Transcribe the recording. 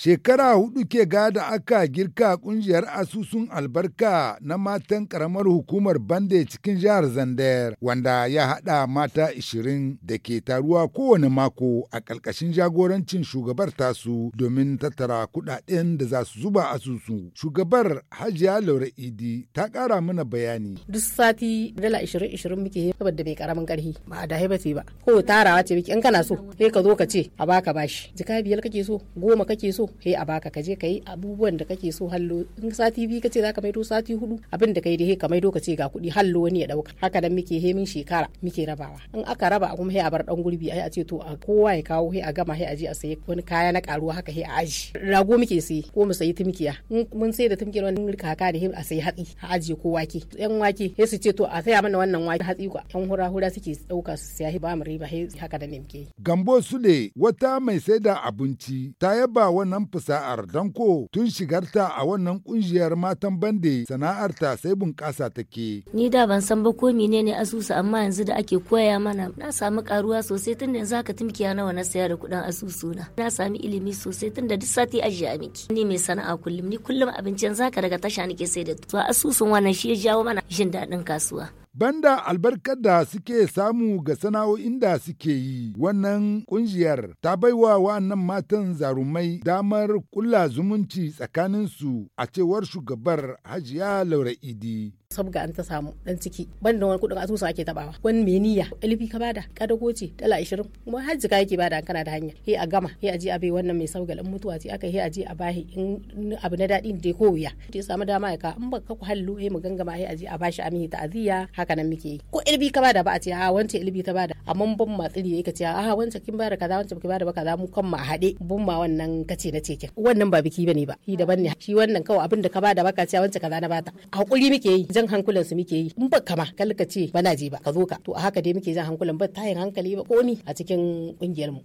Shekara hudu ke ga da aka girka kungiyar asusun albarka na matan karamar hukumar bande cikin jihar Zandayar wanda ya haɗa mata 20 da ke taruwa kowane mako a ƙarƙashin jagorancin shugabar tasu domin tattara kuɗaɗen da za su zuba asusu. Shugabar Hajiya Laura Idi ta ƙara mana bayani. Duk sati dala 20-20 muke saboda bai karamin ƙarfi ba a dahi ba ce ba. Ko tarawa ce muke in kana so sai ka zo ka ce a baka bashi. Jika biyar kake so goma kake so he a baka ka je ka yi abubuwan da kake so hallo in sati biyu kace zaka maido sati hudu abin da kai da he ka maido ka ce ga kuɗi hallo wani ya dauka haka nan muke he min shekara muke rabawa in aka raba a kuma he a bar dan gurbi ai a ce to a kowa ya kawo he a gama he a je a sayi wani kaya na karuwa haka he a aji rago muke sayi ko mu sayi tumkiya in mun sayi da tumkiya wani kaka da he a sayi hatsi a ajiye ko wake yan wake he su ce to a saya mana wannan wake hatsi ko yan hura hura suke dauka su saya ba mu riba he haka da ne gambo sule wata mai sai da abinci ta yaba wannan wannan don ko tun shigarta a wannan kungiyar matan bande sana'arta sai bunƙasa take. Ni da ban san ba ko menene asusu amma yanzu da ake koya mana na samu karuwa sosai tun da yanzu tumkiya nawa na saya da kuɗin asusu na. Na sami ilimi sosai tun da duk sati ajiye a miki. Ni mai sana'a kullum ni kullum abincin zaka daga tasha nake sai da to asusun wannan shi ya jawo mana jin daɗin kasuwa. banda albarkar da suke samu ga sana'o'in da suke yi wannan kungiyar ta baiwa wannan matan zarumai damar kulla zumunci tsakaninsu a cewar shugabar hajiya laura idi sabga an ta samu dan ciki banda wani kudin asusu ake tabawa wani me niyya alifi ka bada ko ce dala 20 kuma hajji ka yake bada kana da hanya he a gama he a je a bai wannan mai sabga in mutuwa ce aka he a je a bahi in abu na dadi da ko wuya ta samu dama ya ka in baka ku hallu he mu gangama he a je a bashi amihi ta'aziyya haka nan muke yi ko ilbi ka bada ba a ce a wance ilbi ta bada mun bin ma tsiri ka ce a wancan kin bayar kaza wancan kin bayar ba kaza mu kan a haɗe bin ma wannan kace na ce wannan ba biki bane ba shi daban ne shi wannan kawai abin da ka bada baka ce wancan kaza na bata hakuri muke yi jan hankulan su muke yi in ba kama kal ka ce bana je ba ka zo ka to a haka dai muke jan hankulan ba tayin hankali ba ko ni a cikin kungiyar mu